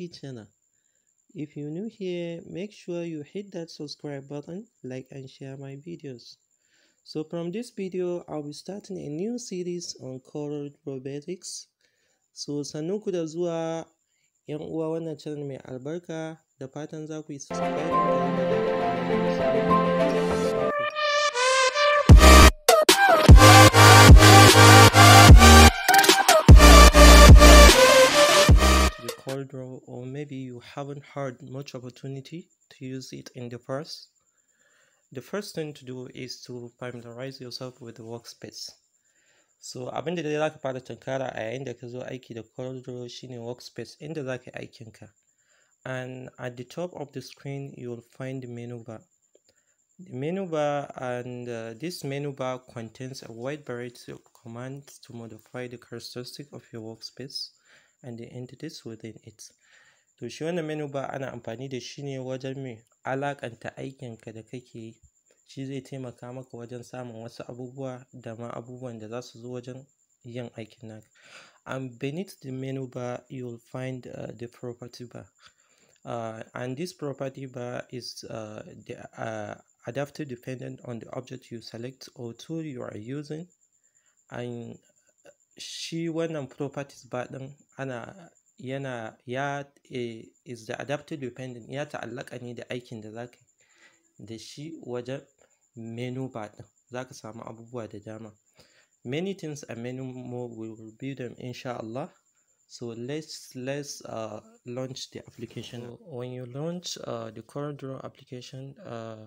beauty channel. If you're new here, make sure you hit that subscribe button, like and share my videos. So from this video, I'll be starting a new series on coral robotics. So sanuku da zuwa yan uwa wannan channel mai albarka da fatan za ku yi subscribe. haven't had much opportunity to use it in the past, the first thing to do is to familiarize yourself with the workspace. So abin da dai za ka fara tunkara a yayin da ka zo aiki da Corel shine workspace inda za ka And at the top of the screen you will find the menu bar. The menu bar and uh, this menu bar contains a wide variety of commands to modify the characteristics of your workspace and the entities within it. to shi wannan menu bar ana amfani da shi ne wajen me alaƙanta aikinka da kake yi shi zai taimaka maka wajen samun wasu abubuwa da ma abubuwan da za su zo wajen yin aikin naka and beneath the menu bar you'll find uh, the property bar uh, and this property bar is uh, the, uh, adaptive dependent on the object you select or tool you are using and shi wannan properties bar din ana yana ya eh, is the adaptive dependent ya ta'allaka ne da aikin da za the da shi wajen menu button. ɗin za ka samu abubuwa da dama many things and many more we will build them insha Allah so let's let's uh, launch the application so when you launch uh, the CorelDRAW application uh,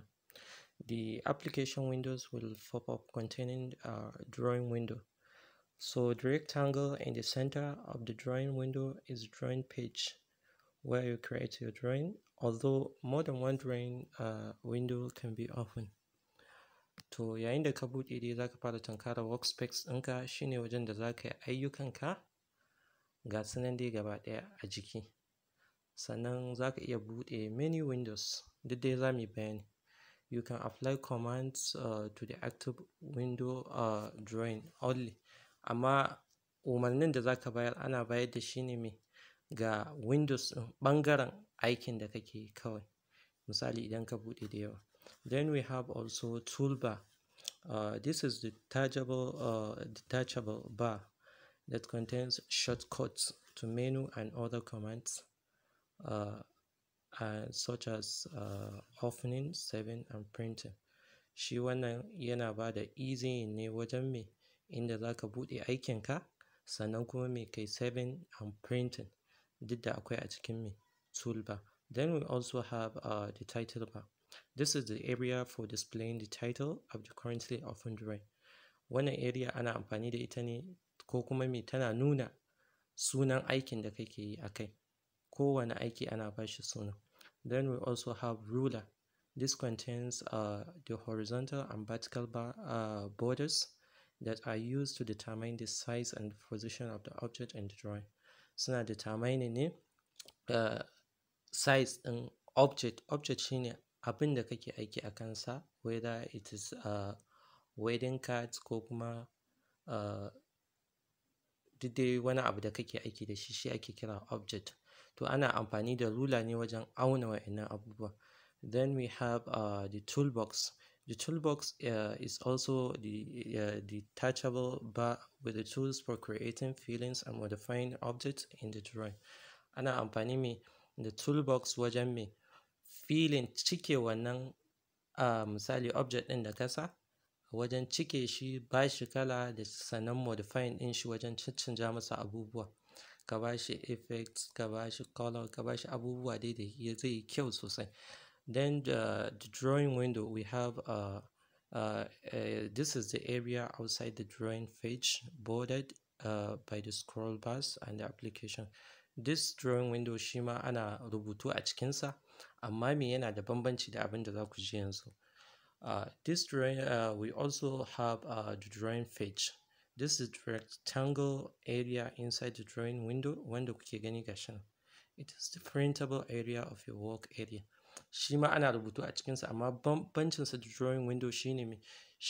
the application windows will pop up containing a uh, drawing window So the rectangle in the center of the drawing window is drawing page where you create your drawing, although more than one drawing uh, window can be open. To yayin da ka buɗe dai za ka fara tunkarar workspace ɗinka shine wajen da za ka yi ayyukanka ga su dai gaba ɗaya a jiki. Sannan za ka iya buɗe many windows duk dai za mu bayani. You can apply commands uh, to the active window uh, drawing only. amma umarnin da zaka bayar ana bayar da shi ne me ga windows ɗin ɓangaren aikin da kake yi kawai misali idan ka buɗe da yawa then we have also toolbar uh, this is detachable uh, detachable bar that contains shortcuts to menu and other commands uh, uh, such as uh, opening, saving and printing shi wannan yana ba da easy ne wajen me inda za ka buɗe aikinka sannan kuma mai kai saving and printing duk da akwai a cikin tool toolbar. Then we also have uh, the title bar. This is the area for displaying the title of the currently open drawing. Wannan area ana amfani da ita ne ko kuma me tana nuna sunan aikin da kake yi a kai. Kowane aiki ana ba shi suna. Then we also have ruler. This contains uh, the horizontal and vertical bar, uh, borders that are used to determine the size and position of the object in the drawing suna determining the uh, size and object object shine abin da kake aiki a kansa whether it is uh, wedding card ko kuma uh, dai wani abu da kake aiki da shi shi ake kira object to ana amfani da ruler ne wajen auna wa'innan abubuwa then we have uh, the toolbox The toolbox uh, is also the uh, detachable bar with the tools for creating feelings and modifying objects in the drawing. Ana amfani me the toolbox wajen me feeling cike wannan uh, misali object ɗin da kasa wajen cike shi ba shi kala da sanan modifying ɗin shi wajen canja masa abubuwa ka ba shi effects ka ba shi color ka ba shi abubuwa dai da zai yi kyau sosai then the, uh, the drawing window we have uh, uh, this is the area outside the drawing page bordered uh, by the scroll bars and the application this drawing window shima ana rubutu a cikinsa amma me yana da bambanci da abin da za ku ji yanzu uh, this drawing uh, we also have uh, the drawing page this is the rectangle area inside the drawing window when kuke gani gashin it is the printable area of your work area shi ma ana rubutu a cikinsa amma bambancinsa da drawing window shine She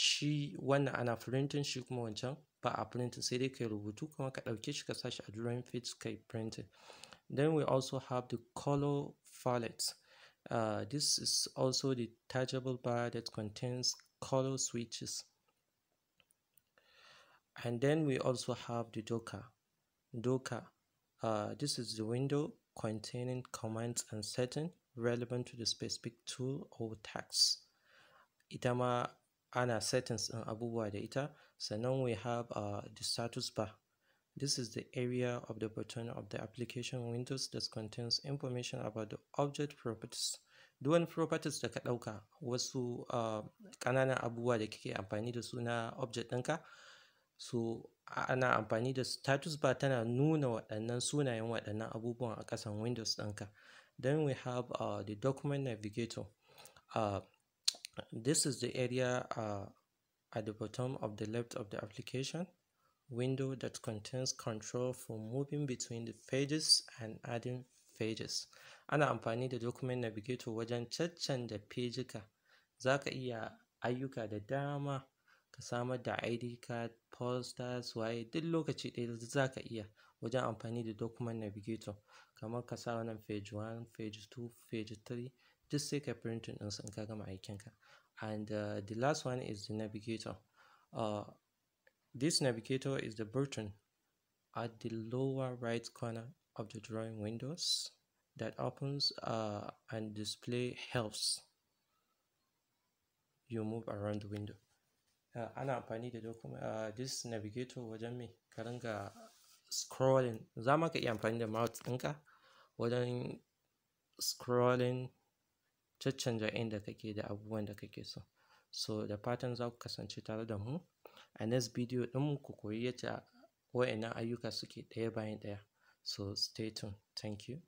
shi wannan ana printing shi kuma wancan ba a printing sai dai kai rubutu kuma ka ɗauke shi ka sashi a drawing page kai printing then we also have the color palette uh, this is also the touchable bar that contains color switches and then we also have the docker docker uh, this is the window containing commands and settings relevant to the specific tool or tax ita ma ana settings ɗin abubuwa da ita sannan we have uh, the status bar This is the area of the button of the application windows that contains information about the object properties. duwan properties da ka ɗauka wasu uh, ƙananan abubuwa da kake amfani da su na object ɗinka. So ana amfani da status bar tana nuna waɗannan sunayen waɗannan abubuwan a ƙasan windows ɗinka. Then we have uh, the document navigator. Uh, this is the area uh, at the bottom of the left of the application window that contains control for moving between the pages and adding pages. Ana amfani da document navigator wajen caccanja da ka zaka iya ayyuka da dama ka samar da ID card, That's why duk lokaci is duk zaka iya wajen amfani da document navigator kamar ka sa wannan page 1 page 2 page 3 duk sai ka printing ɗinsu in ka gama aikinka and uh, the last one is the navigator uh, this navigator is the button at the lower right corner of the drawing windows that opens uh, and display helps you move around the window Eh, ana amfani da document this eh, navigator wajen me ka ringa scrolling za ma ka iya amfani da mouse ɗinka wajen scrolling caccanja inda kake da abubuwan da kake so so da fatan za ku kasance tare da mu a next video dinmu ku koyi yadda wa'annan ayyuka suke ɗaya bayan ɗaya so stay tuned thank you